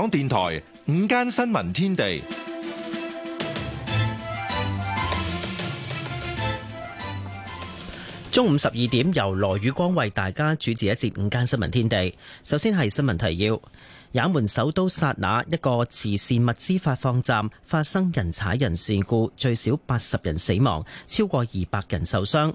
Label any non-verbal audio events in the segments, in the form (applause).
港電台午間新聞天地，中午十二點由羅宇光為大家主持一節午間新聞天地。首先係新聞提要：也門首都薩那一個慈善物資發放站發生人踩人事故，最少八十人死亡，超過二百人受傷。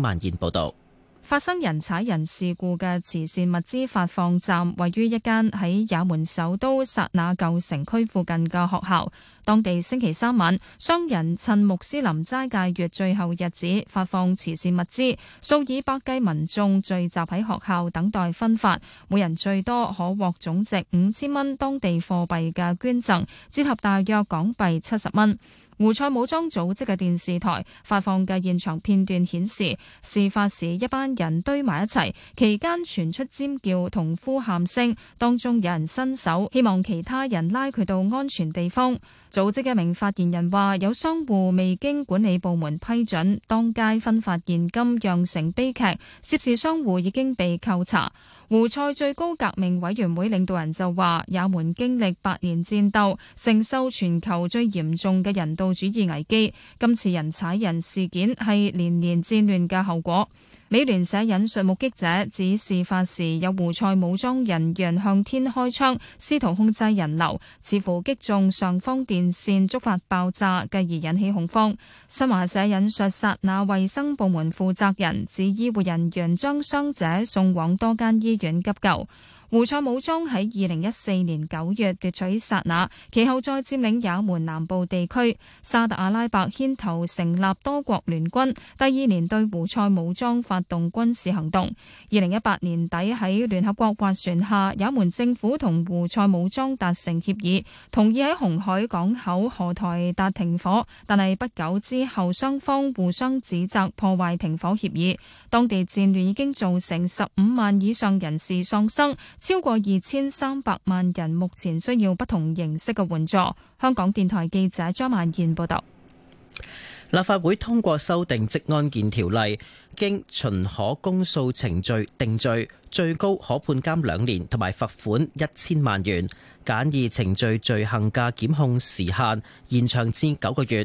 萬燕報道，發生人踩人事故嘅慈善物資發放站，位於一間喺也門首都薩那舊城區附近嘅學校。當地星期三晚，商人趁穆斯林齋戒月最後日子發放慈善物資，數以百計民眾聚集喺學校等待分發，每人最多可獲總值五千蚊當地貨幣嘅捐贈，折合大約港幣七十蚊。胡塞武裝組織嘅電視台發放嘅現場片段顯示，事發時一班人堆埋一齊，期間傳出尖叫同呼喊聲，當中有人伸手希望其他人拉佢到安全地方。組織嘅一名發言人話：有商戶未經管理部門批准當街分發現金，釀成悲劇。涉事商戶已經被扣查。胡塞最高革命委員會領導人就話：也門經歷八年戰鬥，承受全球最嚴重嘅人道主義危機。今次人踩人事件係連年戰亂嘅後果。美聯社引述目擊者指，事發時有胡塞武裝人員向天開槍，試圖控制人流，似乎擊中上方電線，觸發爆炸，繼而引起恐慌。新華社引述薩那衛生部門負責人指，醫護人員將傷者送往多間醫院急救。胡塞武裝喺二零一四年九月奪取薩那，其後再佔領也門南部地區。沙特阿拉伯牽頭成立多國聯軍，第二年對胡塞武裝發動軍事行動。二零一八年底喺聯合國斡船斡旋下，也門政府同胡塞武裝達成協議，同意喺紅海港口荷台達停火，但係不久之後雙方互相指責破壞停火協議。當地戰亂已經造成十五萬以上人士喪生，超過二千三百萬人目前需要不同形式嘅援助。香港電台記者張曼燕報道。立法會通過修訂職安健條例，經循可公訴程序定罪，最高可判監兩年，同埋罰款一千萬元。簡易程序罪行嘅檢控時限延長至九個月。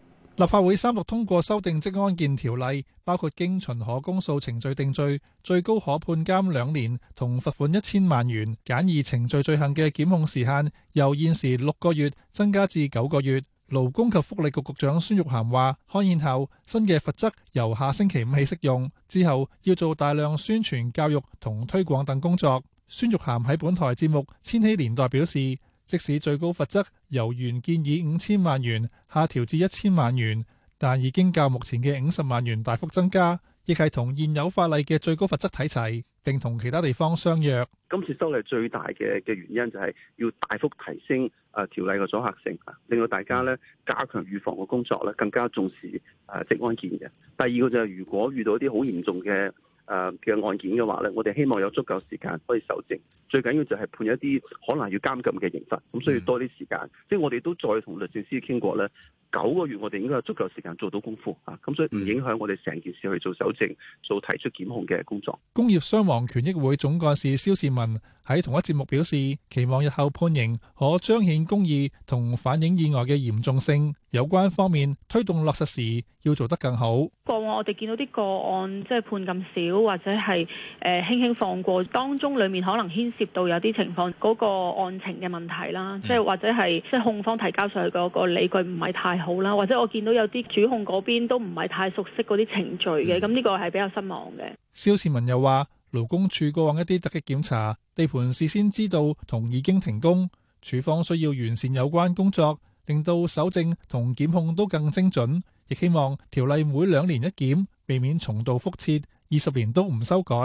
立法會三讀通過修訂職安健條例，包括經循可公訴程序定罪，最高可判監兩年同罰款一千萬元；簡易程序罪行嘅檢控時限由現時六個月增加至九個月。勞工及福利局局長孫玉菡話，刊憲後新嘅罰則由下星期五起適用，之後要做大量宣傳教育同推廣等工作。孫玉菡喺本台節目《千禧年代》表示。即使最高罰則由原建議五千萬元下調至一千萬元，但已經較目前嘅五十萬元大幅增加，亦係同現有法例嘅最高罰則睇齊，並同其他地方相約。今次修例最大嘅嘅原因就係要大幅提升誒條例嘅阻嚇性。令到大家咧加強預防嘅工作咧，更加重視誒職安健嘅。第二個就係如果遇到一啲好嚴重嘅誒嘅案件嘅話咧，我哋希望有足夠時間可以蒐證。最緊要就係判一啲可能要監禁嘅刑罰，咁需要多啲時間。嗯、即係我哋都再同律政司傾過咧，九個月我哋應該有足夠時間做到功夫啊！咁、嗯、所以唔影響我哋成件事去做搜證、做提出檢控嘅工作。工業傷亡權益會總幹事蕭士文喺同一節目表示，期望日後判刑可彰顯公義同反映意外嘅嚴重性，有關方面推動落實時要做得更好。過往我哋見到啲個案即係判咁少或者係誒輕輕放過，當中裡面可能牽涉。接到有啲情況嗰個案情嘅問題啦，即係或者係即係控方提交上去嗰個理據唔係太好啦，或者我見到有啲主控嗰邊都唔係太熟悉嗰啲程序嘅，咁呢、嗯、個係比較失望嘅。蕭志文又話勞工處過往一啲突擊檢查地盤事先知道同已經停工，處方需要完善有關工作，令到搜證同檢控都更精準，亦希望條例每兩年一檢避免重蹈覆轍二十年都唔修改，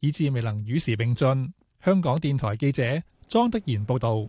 以致未能與時並進。香港電臺記者莊德賢報導。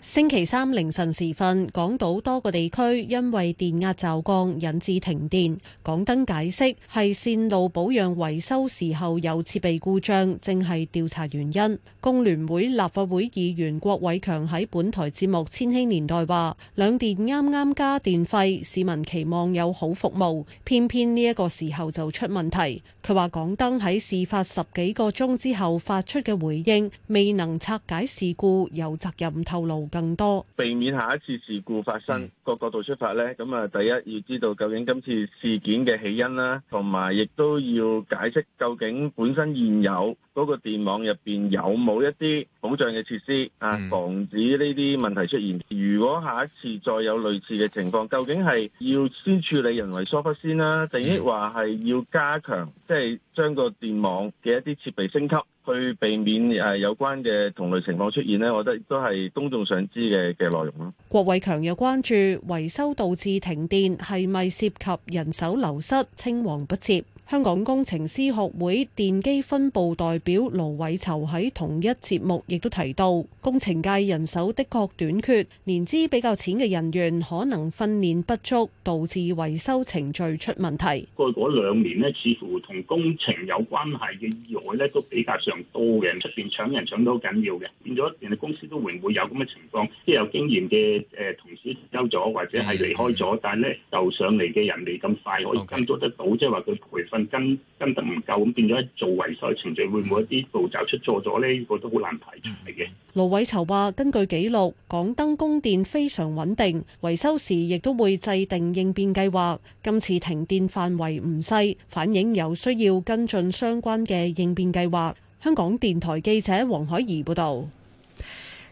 星期三凌晨時分，港島多個地區因為電壓驟降引致停電，港燈解釋係線路保養維修時候有設備故障，正係調查原因。工聯會立法會議員郭偉強喺本台節目《千禧年代》話兩電啱啱加電費，市民期望有好服務，偏偏呢一個時候就出問題，佢話港燈喺事發十幾個鐘之後發出嘅回應未能拆解事故有責任，透露。更多避免下一次事故發生個、mm. 角度出發咧，咁啊，第一要知道究竟今次事件嘅起因啦，同埋亦都要解釋究竟本身現有嗰個電網入邊有冇一啲保障嘅設施啊，mm. 防止呢啲問題出現，如果下一次再有類似嘅情況，究竟係要先處理人為疏忽先啦，定抑話係要加強即係、就是、將個電網嘅一啲設備升級。去避免誒有關嘅同類情況出現呢，我覺得都係公眾想知嘅嘅內容咯。郭偉強又關注維修導致停電，係咪涉及人手流失、青黃不接？香港工程師學會電機分部代表盧偉籌喺同一節目亦都提到，工程界人手的確短缺，年資比較淺嘅人員可能訓練不足，導致維修程序出問題。過去嗰兩年咧，似乎同工程有關係嘅意外咧都比較上多嘅，出邊搶人搶得好緊要嘅，變咗人哋公司都會唔會有咁嘅情況，即係有經驗嘅誒同事休咗或者係離開咗，但係咧就上嚟嘅人未咁快可以監督得到，即係話佢培訓。跟跟得唔夠咁變咗做維修程序，會唔會一啲步驟出錯咗咧？呢個都好難排除嘅。盧偉籌話，根據記錄，港燈供電非常穩定，維修時亦都會制定應變計劃，今次停電範圍唔細，反映有需要跟進相關嘅應變計劃。香港電台記者黃海怡報道。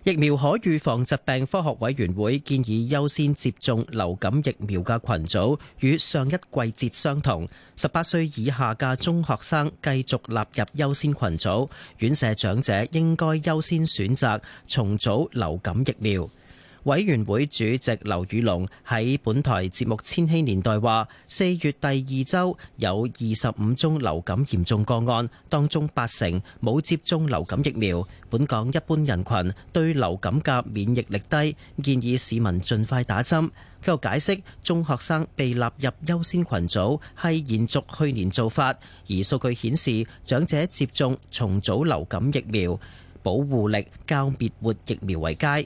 疫苗可預防疾病科學委員會建議優先接種流感疫苗嘅群組與上一季節相同，十八歲以下嘅中學生繼續納入優先群組，院舍長者應該優先選擇重組流感疫苗。委員會主席劉宇隆喺本台節目《千禧年代》話：四月第二周有二十五宗流感嚴重個案，當中八成冇接種流感疫苗。本港一般人群對流感嘅免疫力低，建議市民盡快打針。佢又解釋，中學生被納入優先群組係延續去年做法，而數據顯示長者接種重組流感疫苗保護力較滅活疫苗為佳。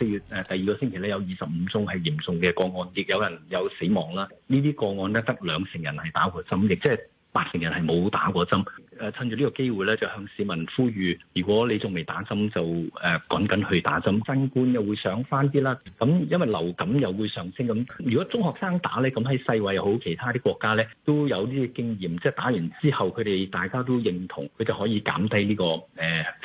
四月誒、啊、第二個星期咧有二十五宗係嚴重嘅個案，亦有人有死亡啦。呢啲個案咧得兩成人係打過針，亦即係。八成人係冇打過針，誒趁住呢個機會咧，就向市民呼籲，如果你仲未打針，就誒趕緊去打針。新冠又會上翻啲啦，咁因為流感又會上升，咁如果中學生打咧，咁喺世衞又好，其他啲國家咧都有啲經驗，即係打完之後佢哋大家都認同，佢就可以減低呢個誒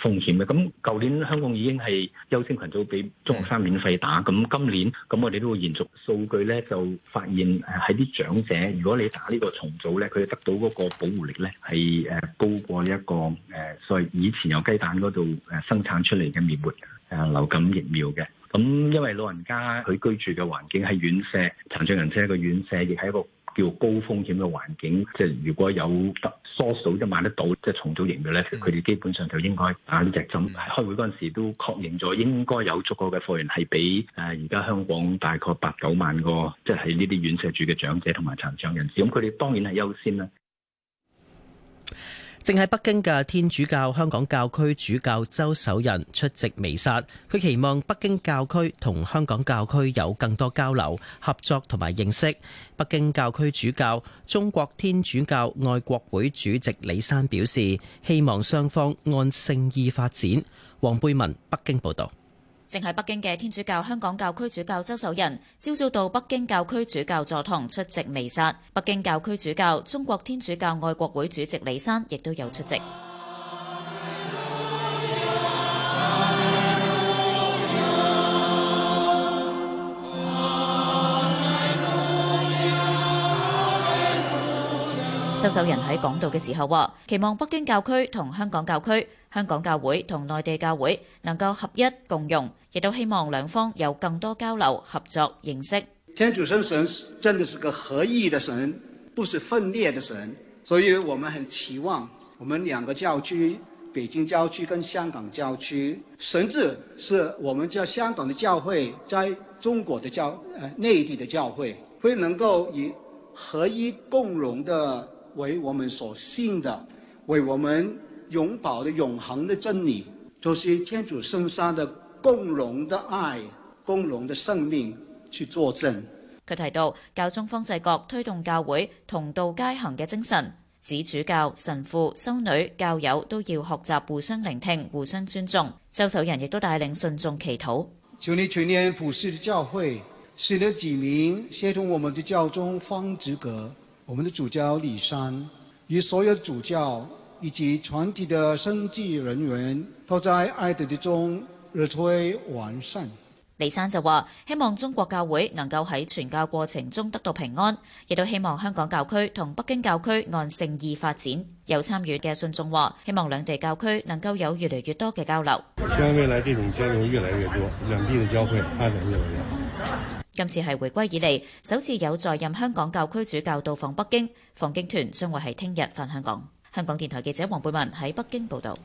風險嘅。咁舊年香港已經係優先群組俾中學生免費打，咁今年咁我哋都會延續數據咧，就發現喺啲長者，如果你打呢個重組咧，佢得到嗰個保護力咧係誒高過一個誒，所謂以前有雞蛋嗰度誒生產出嚟嘅滅活誒流感疫苗嘅。咁因為老人家佢居住嘅環境係院舍，殘障人士一個院舍，亦係一個叫高風險嘅環境。即係如果有得 source 到即係買得到，即係重組疫苗咧，佢哋、嗯、基本上就應該打呢隻針。嗯、開會嗰陣時都確認咗，應該有足夠嘅貨源係俾誒而家香港大概八九萬個，即係呢啲院舍住嘅長者同埋殘障人士。咁佢哋當然係優先啦。正喺北京嘅天主教香港教區主教周守仁出席彌撒，佢期望北京教區同香港教區有更多交流、合作同埋認識。北京教區主教中國天主教愛國會主席李山表示，希望雙方按聖意發展。黃貝文北京報道。正係北京嘅天主教香港教區主教周守仁，朝早到北京教區主教座堂出席彌撒。北京教區主教、中國天主教愛國會主席李山亦都有出席。 (music) 周守仁喺講道嘅時候話：期望北京教區同香港教區，香港教會同內地教會能夠合一共融，亦都希望兩方有更多交流合作認識。天主聖神真的是個合一的神，不是分裂的神，所以我們很期望我們兩個教區，北京教區跟香港教區，甚至是我們叫香港的教會，在中國的教，呃內地的教會，會能夠以合一共融的為我們所信的，為我們。永保的，永恆的真理，就是天主聖三的共融的愛、共融的生命去作證。佢提到教宗方濟各推動教會同道偕行嘅精神，指主教、神父、修女、教友都要學習互相聆聽、互相尊重。周守仁亦都帶領信眾祈禱。求你全然普世的教會，使得子民協同我們的教宗方濟各，我們的主教李山與所有主教。以及全體嘅聖祭人員都在愛德之中熱推完善。李生就話：希望中國教會能夠喺傳教過程中得到平安，亦都希望香港教區同北京教區按誠意發展。有參與嘅信眾話：希望兩地教區能夠有越嚟越多嘅交流。希望未來這種交流越來越多，兩地的教會發展越來越好。今次係回歸以嚟首次有在任香港教區主教到訪北京，訪京團將會係聽日返香港。香港電台記者黃貝文喺北京報道。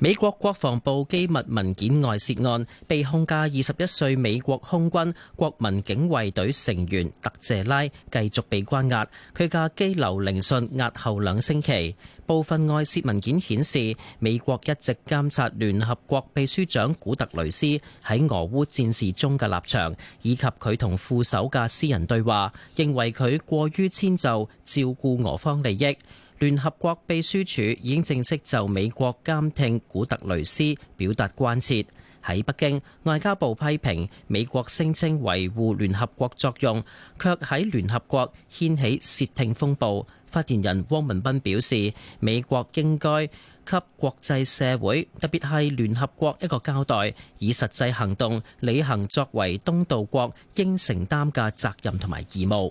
美國國防部機密文件外泄案，被控嘅二十一歲美國空軍國民警衛隊成員特謝拉繼續被關押，佢嘅羈留聆訊押後兩星期。部分外泄文件顯示，美國一直監察聯合國秘書長古特雷斯喺俄烏戰事中嘅立場，以及佢同副手嘅私人對話，認為佢過於遷就照顧俄方利益。聯合國秘書處已經正式就美國監聽古特雷斯表達關切。喺北京，外交部批評美國聲稱維護聯合國作用，卻喺聯合國掀起竊聽風暴。發言人汪文斌表示，美國應該給國際社會，特別係聯合國一個交代，以實際行動履行作為東道國應承擔嘅責任同埋義務。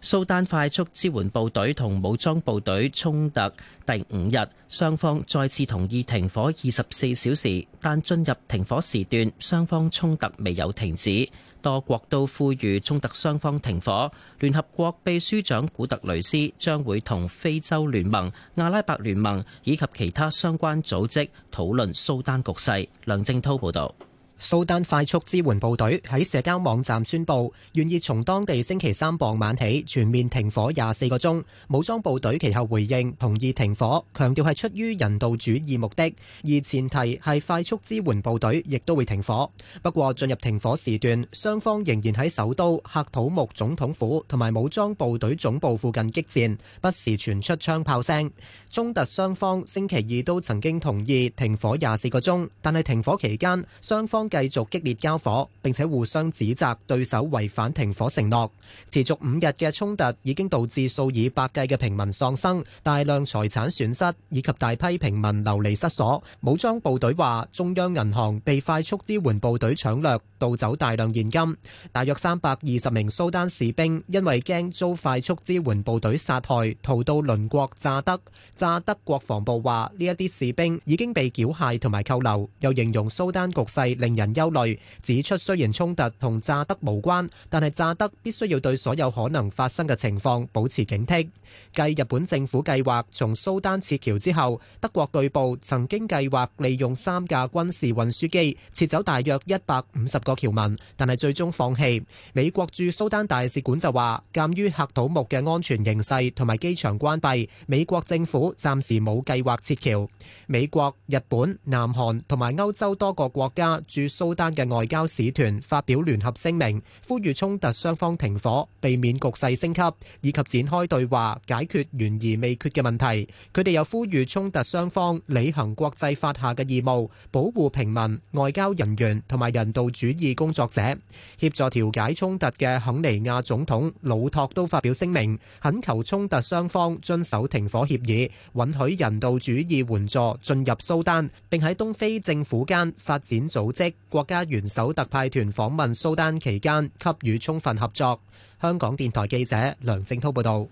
蘇丹快速支援部隊同武裝部隊衝突第五日，雙方再次同意停火二十四小時，但進入停火時段，雙方衝突未有停止。多國都呼籲衝突雙方停火。聯合國秘書長古特雷斯將會同非洲聯盟、阿拉伯聯盟以及其他相關組織討論蘇丹局勢。梁正滔報導。蘇丹快速支援部隊喺社交網站宣佈，願意從當地星期三傍晚起全面停火廿四個鐘。武裝部隊其後回應同意停火，強調係出於人道主義目的，而前提係快速支援部隊亦都會停火。不過進入停火時段，雙方仍然喺首都喀土木總統府同埋武裝部隊總部附近激戰，不時傳出槍炮聲。衝突雙方星期二都曾經同意停火廿四個鐘，但係停火期間雙方，繼續激烈交火，並且互相指責對手違反停火承諾。持續五日嘅衝突已經導致數以百計嘅平民喪生、大量財產損失以及大批平民流離失所。武裝部隊話，中央銀行被快速支援部隊搶掠、盜走大量現金。大約三百二十名蘇丹士兵因為驚遭快速支援部隊殺害，逃到鄰國乍得。乍得國防部話，呢一啲士兵已經被繳械同埋扣留，又形容蘇丹局勢令人憂慮指出，雖然衝突同乍得無關，但係乍得必須要對所有可能發生嘅情況保持警惕。繼日本政府計劃從蘇丹撤僑之後，德國據報曾經計劃利用三架軍事運輸機撤走大約一百五十個僑民，但係最終放棄。美國駐蘇丹大使館就話，鑑於喀土穆嘅安全形勢同埋機場關閉，美國政府暫時冇計劃撤僑。美國、日本、南韓同埋歐洲多個國家駐蘇丹嘅外交使團發表聯合聲明，呼籲衝突雙方停火，避免局勢升級，以及展開對話解決懸而未決嘅問題。佢哋又呼籲衝突雙方履行國際法下嘅義務，保護平民、外交人員同埋人道主義工作者，協助調解衝突嘅肯尼亞總統魯托都發表聲明，懇求衝突雙方遵守停火協議，允許人道主義援助進入蘇丹，並喺東非政府間發展組織國家元首特派團訪問蘇丹期間，給予充分合作。香港電台記者梁正濤報導。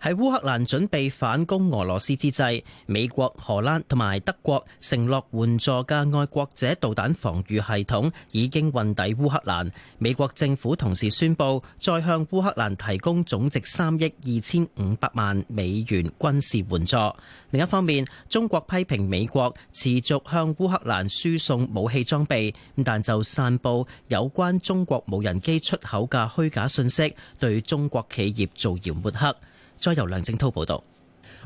喺烏克蘭準備反攻俄羅斯之際，美國、荷蘭同埋德國承諾援助嘅愛國者導彈防禦系統已經運抵烏克蘭。美國政府同時宣布再向烏克蘭提供總值三億二千五百萬美元軍事援助。另一方面，中國批評美國持續向烏克蘭輸送武器裝備，但就散布有關中國無人機出口嘅虛假信息，對中國企業造謠抹黑。再由梁靜濤報道。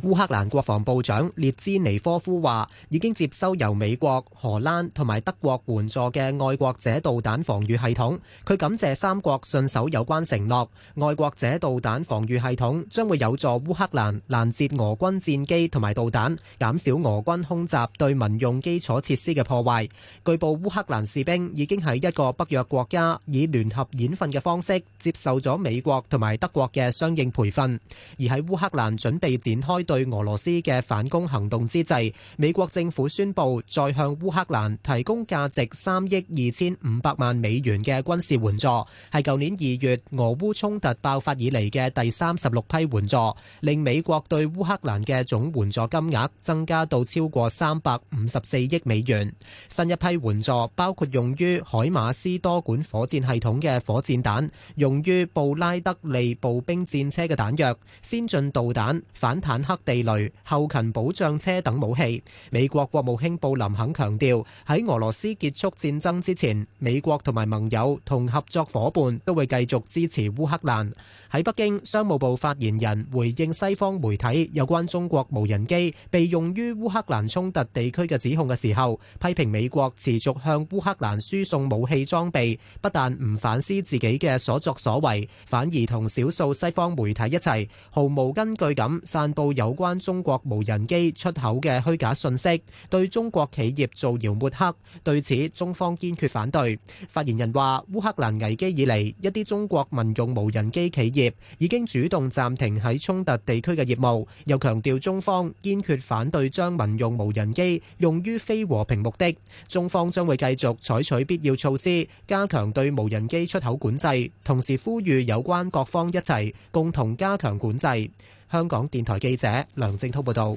烏克蘭國防部長列茲尼科夫話，已經接收由美國、荷蘭同埋德國援助嘅愛國者導彈防禦系統。佢感謝三國信守有關承諾。愛國者導彈防禦系統將會有助烏克蘭攔截俄軍戰機同埋導彈，減少俄軍空襲對民用基礎設施嘅破壞。據報烏克蘭士兵已經喺一個北約國家以聯合演訓嘅方式接受咗美國同埋德國嘅相應培訓，而喺烏克蘭準備展開。對俄羅斯嘅反攻行動之際，美國政府宣布再向烏克蘭提供價值三億二千五百萬美元嘅軍事援助，係舊年二月俄烏衝突爆發以嚟嘅第三十六批援助，令美國對烏克蘭嘅總援助金額增加到超過三百五十四億美元。新一批援助包括用於海馬斯多管火箭系統嘅火箭彈，用於布拉德利步兵戰車嘅彈藥，先進導彈反坦克、地雷、後勤保障車等武器。美國國務卿布林肯強調，喺俄羅斯結束戰爭之前，美國同埋盟友同合作伙伴都會繼續支持烏克蘭。喺北京，商務部發言人回應西方媒體有關中國無人機被用於烏克蘭衝突地區嘅指控嘅時候，批評美國持續向烏克蘭輸送武器裝備，不但唔反思自己嘅所作所為，反而同少數西方媒體一齊，毫無根據咁散佈有關中國無人機出口嘅虛假信息，對中國企業造謠抹黑。對此，中方堅決反對。發言人話：烏克蘭危機以嚟，一啲中國民用無人機企業已經主動暫停喺衝突地區嘅業務，又強調中方堅決反對將民用無人機用於非和平目的。中方將會繼續採取必要措施，加強對無人機出口管制，同時呼籲有關各方一齊共同加強管制。香港電台記者梁正濤報道。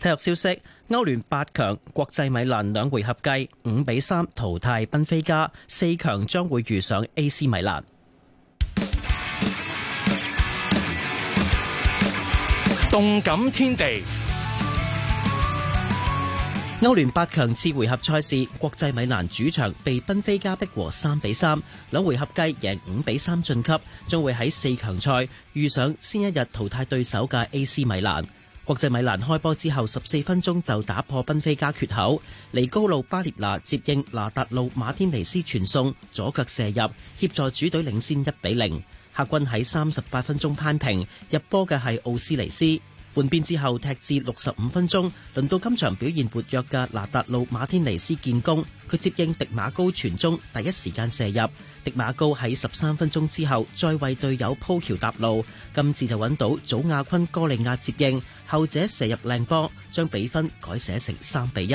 體育消息：歐聯八強國際米蘭兩回合計五比三淘汰賓菲加，四強將會遇上 AC 米蘭。動感天地，歐聯八強次回合賽事，國際米蘭主場被賓菲加逼和三比三，兩回合計贏五比三晉級，將會喺四強賽遇上先一日淘汰對手嘅 AC 米蘭。國際米蘭開波之後十四分鐘就打破賓菲加缺口，尼高路巴列拿接應拿達路馬天尼斯傳送左腳射入，協助主隊領先一比零。客軍喺三十八分鐘攀平入波嘅係奧斯尼斯，換邊之後踢至六十五分鐘，輪到今場表現活躍嘅拿達魯馬天尼斯建功。佢接應迪馬高傳中，第一時間射入。迪馬高喺十三分鐘之後再為隊友鋪橋搭路，今次就揾到祖亞坤哥利亞接應，後者射入靚波，將比分改寫成三比一。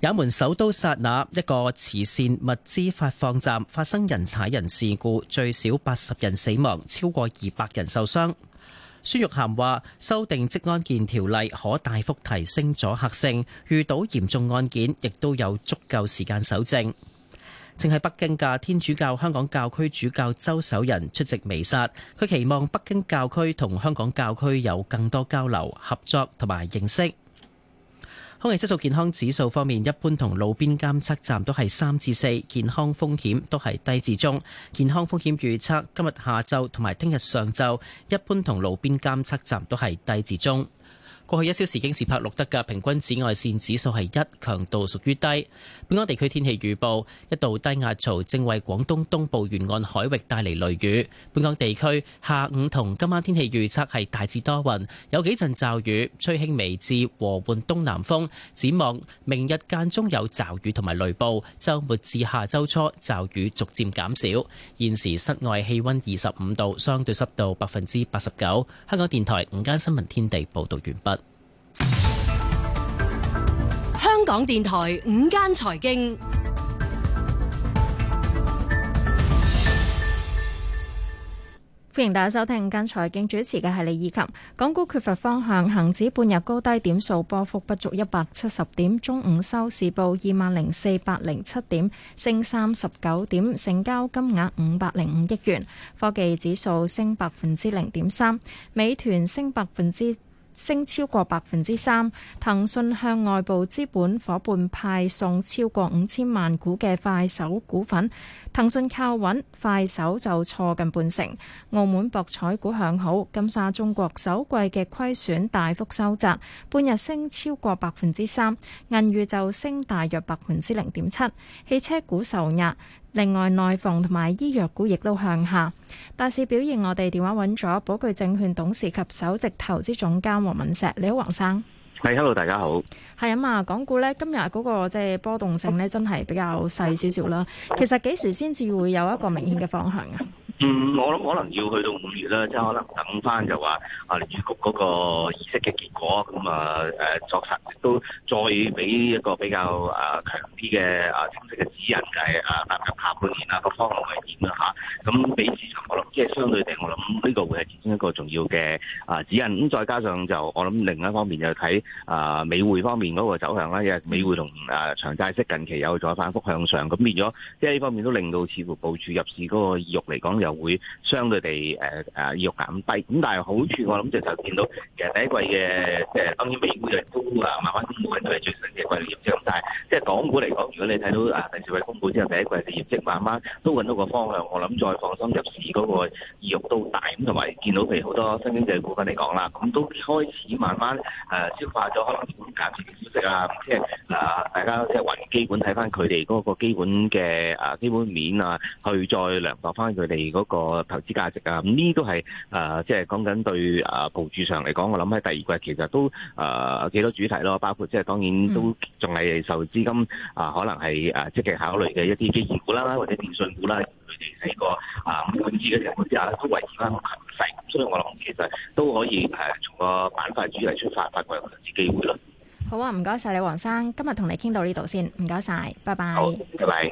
也門首都薩那一個慈善物資發放站發生人踩人事故，最少八十人死亡，超過二百人受傷。孫玉菡話：修訂職安健條例可大幅提升阻嚇性，遇到嚴重案件亦都有足夠時間搜證。正喺北京嘅天主教香港教區主教周守仁出席彌撒，佢期望北京教區同香港教區有更多交流、合作同埋認識。空氣質素健康指數方面，一般同路邊監測站都係三至四，健康風險都係低至中。健康風險預測今日下晝同埋聽日上晝，一般同路邊監測站都係低至中。過去一小時京士柏錄得嘅平均紫外線指數係一，強度屬於低。本港地區天氣預報，一道低壓槽正為廣東東部沿岸海域帶嚟雷雨。本港地區下午同今晚天氣預測係大致多雲，有幾陣驟雨，吹輕微至和緩東南風。展望明日間中有驟雨同埋雷暴，週末至下周初驟雨逐漸減，減少。現時室外氣温二十五度，相對濕度百分之八十九。香港電台午間新聞天地報道完畢。港電台午間財經，歡迎大家收聽。午間財經主持嘅係李以琴。港股缺乏方向，恒指半日高低點數波幅不足一百七十點，中午收市報二萬零四百零七點，升三十九點，成交金額五百零五億元。科技指數升百分之零點三，美團升百分之。升超過百分之三，騰訊向外部資本伙伴派送超過五千萬股嘅快手股份，騰訊靠穩，快手就挫近半成。澳門博彩股向好，金沙中國首季嘅虧損大幅收窄，半日升超過百分之三，銀娛就升大約百分之零點七，汽車股受壓。另外，內房同埋醫藥股亦都向下，大市表現我。我哋電話揾咗寶鉅證券董事及首席投資總監黃敏石，你好，黃生。係、hey，hello，大家好。係啊嘛，港股咧今日嗰個即係波動性咧，真係比較細少少啦。其實幾時先至會有一個明顯嘅方向？嗯，我諗可能要去到五月啦，即係可能等翻就話啊，聯儲局嗰個議息嘅結果，咁、嗯、啊誒作實都再俾一個比較啊強啲嘅啊清晰嘅指引，誒啊，踏入下半年啊，個方向係點啦吓？咁俾市場我諗，即係相對地，我諗呢個會係其中一個重要嘅啊指引。咁、嗯、再加上就我諗另一方面就睇。啊，美匯方面嗰個走向咧，亦係美匯同啊長債息近期有再反覆向上，咁變咗即係呢方面都令到似乎部署入市嗰個意欲嚟講，又會相對地誒誒意欲減低。咁但係好處我諗就就見到其實第一季嘅即係當然美股就都啊，慢慢升股，係最新嘅季嘅業績咁。但係即係港股嚟講，如果你睇到啊第四季公布之後第一季嘅業績慢慢都揾到個方向，我諗再放心入市嗰個意欲都大。咁同埋見到譬如好多新經濟股份嚟講啦，咁都開始慢慢誒消、呃可能啲假嘅消息啊，即係啊，大家即係混基本睇翻佢哋嗰個基本嘅啊基本面啊，去再量度翻佢哋嗰個投資價值啊，咁呢都係啊，即係講緊對啊部署上嚟講，我諗喺第二季其實都啊幾多主題咯，包括即係當然都仲係受資金啊可能係啊積極考慮嘅一啲基建股啦，或者電信股啦。佢哋喺個啊唔滿意嘅情況之下咧，都維持翻個強勢，所以我諗其實都可以誒，從個板塊主題出發，發掘投資機會咯。好啊，唔該晒你，黃生，今日同你傾到呢度先，唔該晒。拜拜。好，拜拜。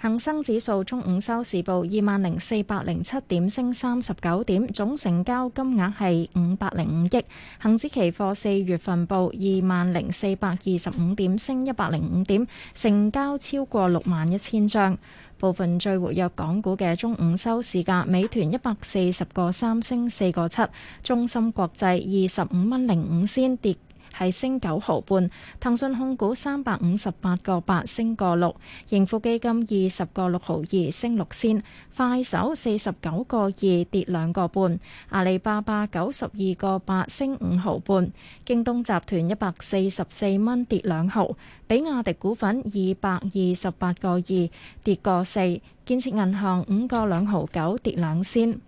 恒生指數中午收市報二萬零四百零七點，升三十九點，總成交金額係五百零五億。恒指期貨四月份報二萬零四百二十五點，升一百零五點，成交超過六萬一千張。部分最活躍港股嘅中午收市價，美團一百四十個三升四個七，中芯國際二十五蚊零五仙跌。係升九毫半，騰訊控股三百五十八個八升個六，盈富基金二十個六毫二升六仙，快手四十九個二跌兩個半，阿里巴巴九十二個八升五毫半，京東集團一百四十四蚊跌兩毫，比亞迪股份二百二十八個二跌個四，建設銀行五個兩毫九跌兩仙。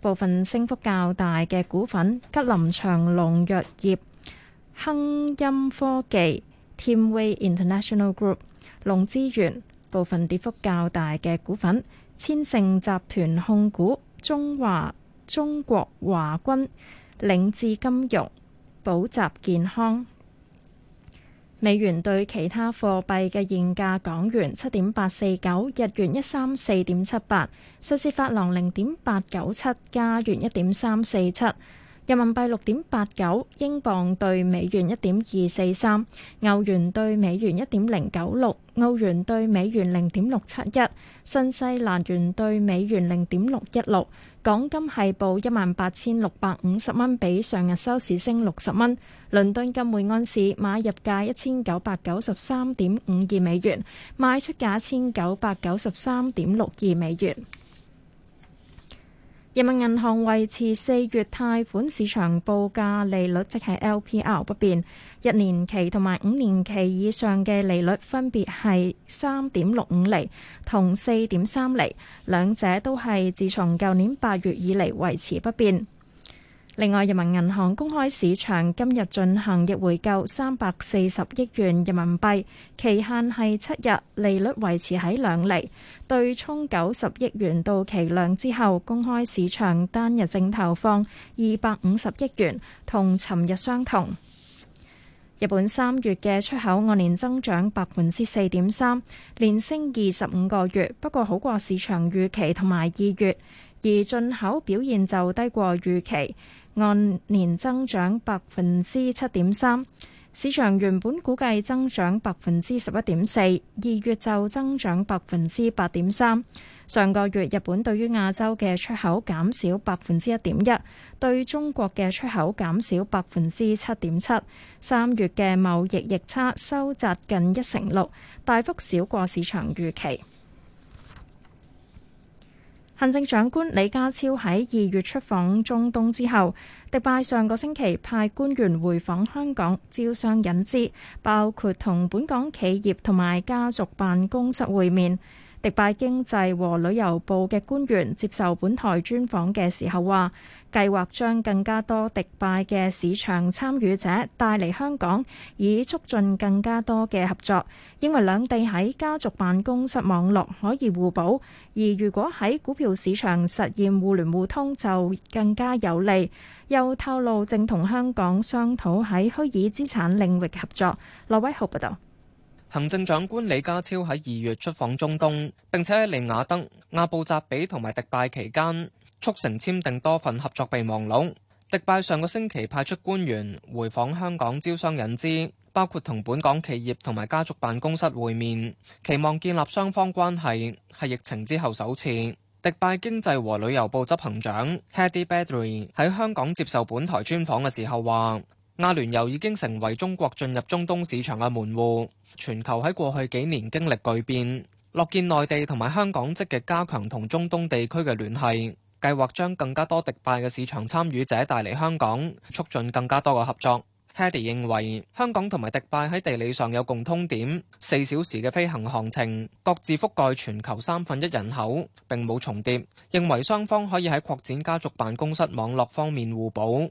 部分升幅較大嘅股份，吉林長龍藥業。亨音科技、Teamway International Group、龍之源。部分跌幅較大嘅股份，千盛集團控股、中華中國華君、領智金融、寶集健康。美元兌其他貨幣嘅現價港元七點八四九，日元一三四點七八，瑞士法郎零點八九七，加元一點三四七。人民幣六點八九，英鎊對美元一點二四三，歐元對美元一點零九六，澳元對美元零點六七一，新西蘭元對美元零點六一六。港金係報一萬八千六百五十蚊，比上日收市升六十蚊。倫敦金每安士買入價一千九百九十三點五二美元，賣出價一千九百九十三點六二美元。人民銀行維持四月貸款市場報價利率即係 LPR 不變，一年期同埋五年期以上嘅利率分別係三點六五厘同四點三厘，兩者都係自從舊年八月以嚟維持不變。另外，人民銀行公開市場今日進行逆回購三百四十億元人民幣，期限係七日，利率維持喺兩厘。對沖九十億元到期量之後，公開市場單日淨投放二百五十億元，同尋日相同。日本三月嘅出口按年增長百分之四點三，連升二十五個月，不過好過市場預期同埋二月，而進口表現就低過預期。按年增長百分之七點三，市場原本估計增長百分之十一點四，二月就增長百分之八點三。上個月日本對於亞洲嘅出口減少百分之一點一，對中國嘅出口減少百分之七點七，三月嘅貿易逆差收窄近一成六，大幅少過市場預期。行政長官李家超喺二月出訪中東之後，迪拜上個星期派官員回訪香港，招商引資，包括同本港企業同埋家族辦公室會面。迪拜經濟和旅遊部嘅官員接受本台專訪嘅時候話，計劃將更加多迪拜嘅市場參與者帶嚟香港，以促進更加多嘅合作。因為兩地喺家族辦公室網絡可以互補，而如果喺股票市場實現互聯互通就更加有利。又透露正同香港商討喺虛擬資產領域合作。羅偉豪報導。行政長官李家超喺二月出訪中東，並且喺利雅德、阿布扎比同埋迪拜期間促成簽訂多份合作備忘錄。迪拜上個星期派出官員回訪香港，招商引資，包括同本港企業同埋家族辦公室會面，期望建立雙方關係，係疫情之後首次。迪拜經濟和旅遊部執行長 Hadi Badri 喺香港接受本台專訪嘅時候話，阿聯酋已經成為中國進入中東市場嘅門戶。全球喺過去幾年經歷巨變，樂見內地同埋香港積極加強同中東地區嘅聯繫，計劃將更加多迪拜嘅市場參與者帶嚟香港，促進更加多嘅合作。Hedy 認為香港同埋迪拜喺地理上有共通點，四小時嘅飛行行程，各自覆蓋全球三分一人口並冇重疊，認為雙方可以喺擴展家族辦公室網絡方面互補。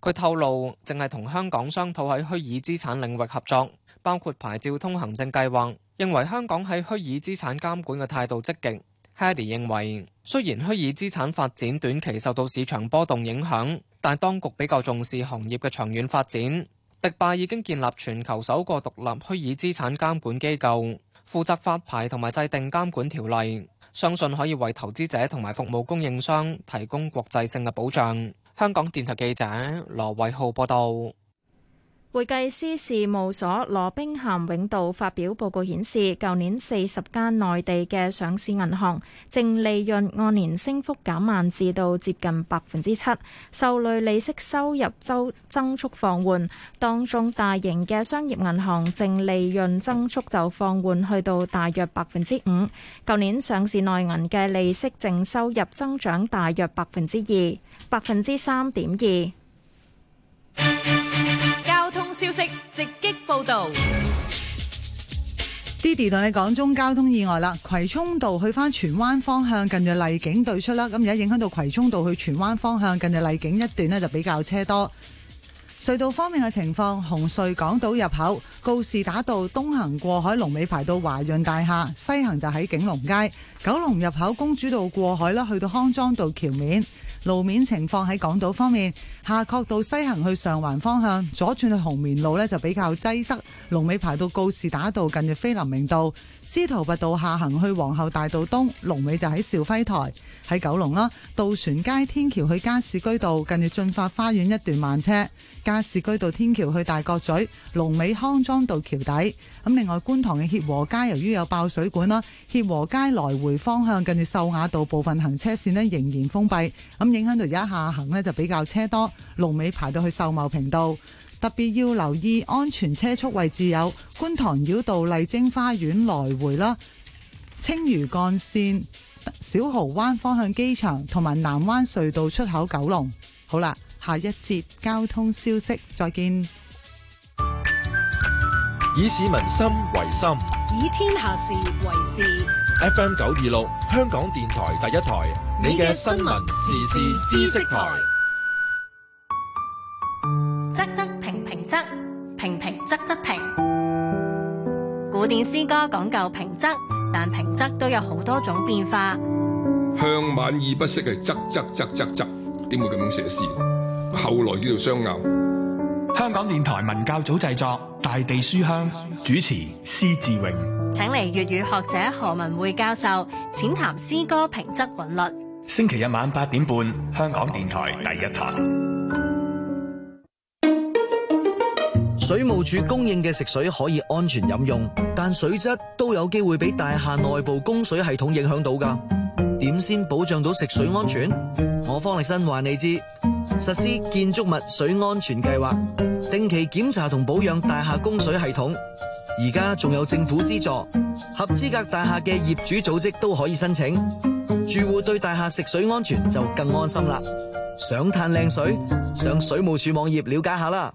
佢透露，淨係同香港商討喺虛擬資產領域合作，包括牌照通行證計劃。認為香港喺虛擬資產監管嘅態度積極。Harry 認為，雖然虛擬資產發展短期受到市場波動影響，但當局比較重視行業嘅長遠發展。迪拜已經建立全球首個獨立虛擬資產監管機構，負責發牌同埋制定監管條例。相信可以為投資者同埋服務供應商提供國際性嘅保障。香港電台記者羅偉浩報道。會計師事務所羅兵咸永道發表報告顯示，舊年四十間內地嘅上市銀行淨利潤按年升幅減慢，至到接近百分之七，受累利息收入增增速放緩。當中大型嘅商業銀行淨利潤增速就放緩，去到大約百分之五。舊年上市內銀嘅利息淨收入增長大約百分之二，百分之三點二。消息直擊報道，Diddy 同你講中交通意外啦，葵涌道去返荃灣方向近日荔景對出啦，咁而家影響到葵涌道去荃灣方向近日荔景一段呢就比較車多。隧道方面嘅情況，紅隧港島入口告士打道東行過海龍尾排到華潤大廈，西行就喺景隆街，九龍入口公主道過海啦，去到康莊道橋面。路面情況喺港島方面，夏慤道西行去上環方向，左轉去紅棉路呢就比較擠塞，龍尾排到告士打道近住菲林明道；司徒拔道下行去皇后大道東，龍尾就喺肇輝台喺九龍啦。渡船街天橋去加士居道近住進發花園一段慢車，加士居道天橋去大角咀龍尾，康莊道橋底。咁另外觀塘嘅協和街由於有爆水管啦，協和街來回方向近住秀雅道部分行車線呢仍然封閉。咁影響到而家下行呢，就比較車多，龍尾排到去秀茂坪道，特別要留意安全車速位置有觀塘繞道、麗晶花園來回啦、青嶼幹線、小蚝灣方向機場同埋南灣隧道出口九龍。好啦，下一節交通消息再見。以市民心為心，以天下事為事。FM 九二六，香港電台第一台，你嘅新聞時事知識台。仄仄平平仄，平平仄仄平。古典詩歌講究平仄，但平仄都有好多種變化。向晚意不適，係仄仄仄仄仄，點會咁樣寫詩？後來叫做雙拗。香港電台文教組製作。大地書香主持施志榮，請嚟粵語學者何文匯教授淺談詩歌平仄韻律。星期日晚八點半，香港電台第一台。水務署供應嘅食水可以安全飲用，但水質都有機會俾大廈內部供水系統影響到噶。點先保障到食水安全？我方力申話你知。實施建築物水安全計劃，定期檢查同保養大廈供水系統。而家仲有政府資助，合資格大廈嘅業主組織都可以申請。住戶對大廈食水安全就更安心啦！想嘆靚水？上水務署網頁了解下啦。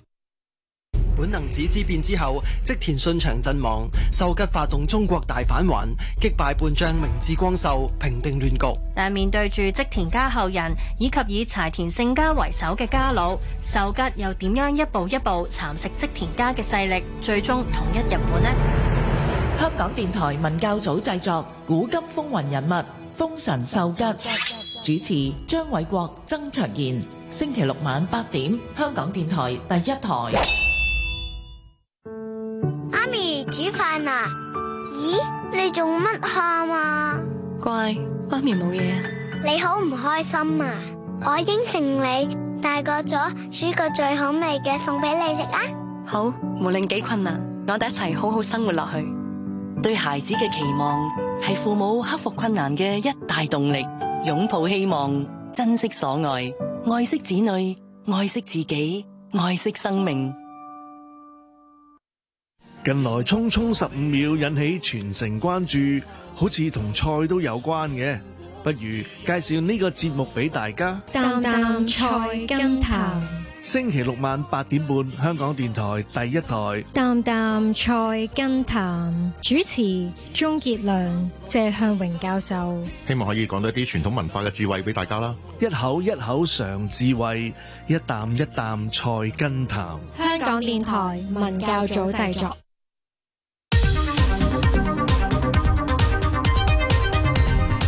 本能寺之變之後，織田信長陣亡，秀吉發動中國大返還，擊敗叛將明智光秀，平定亂局。但面對住織田家後人以及以柴田勝家為首嘅家老，秀吉又點樣一步一步蠶食織田家嘅勢力，最終統一日本呢？香港電台文教組製作《古今風雲人物：豐臣秀吉》，主持張偉國、曾卓賢。星期六晚八點，香港電台第一台。嗱，咦，你做乜喊啊？乖，媽咪冇嘢啊。你好唔開心啊？我應承你，大個咗，煮個最好味嘅餸俾你食啊！好，無論幾困難，我哋一齊好好生活落去。對孩子嘅期望係父母克服困難嘅一大動力，擁抱希望，珍惜所愛，愛惜子女，愛惜自己，愛惜生命。近來匆匆十五秒引起全城關注，好似同菜都有關嘅，不如介紹呢個節目俾大家。淡淡菜根譚，星期六晚八點半，香港電台第一台。淡淡菜根譚，主持鍾杰良、謝向榮教授，希望可以講到一啲傳統文化嘅智慧俾大家啦。一口一口嘗智慧，一啖一啖菜根譚。香港電台文教組製作。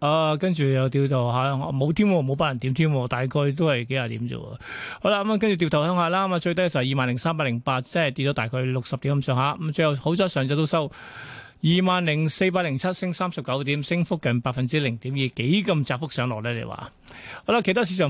啊，跟住又掉頭下，冇添，冇百人點添，大概都係幾廿點啫。好啦，咁啊，跟住掉頭向下啦，咁啊，最低嘅時候二萬零三百零八，即係跌咗大概六十點咁上下。咁最後好彩上晝都收二萬零四百零七，升三十九點，升幅近百分之零點二，幾咁窄幅上落咧？你話？好啦，其他市場。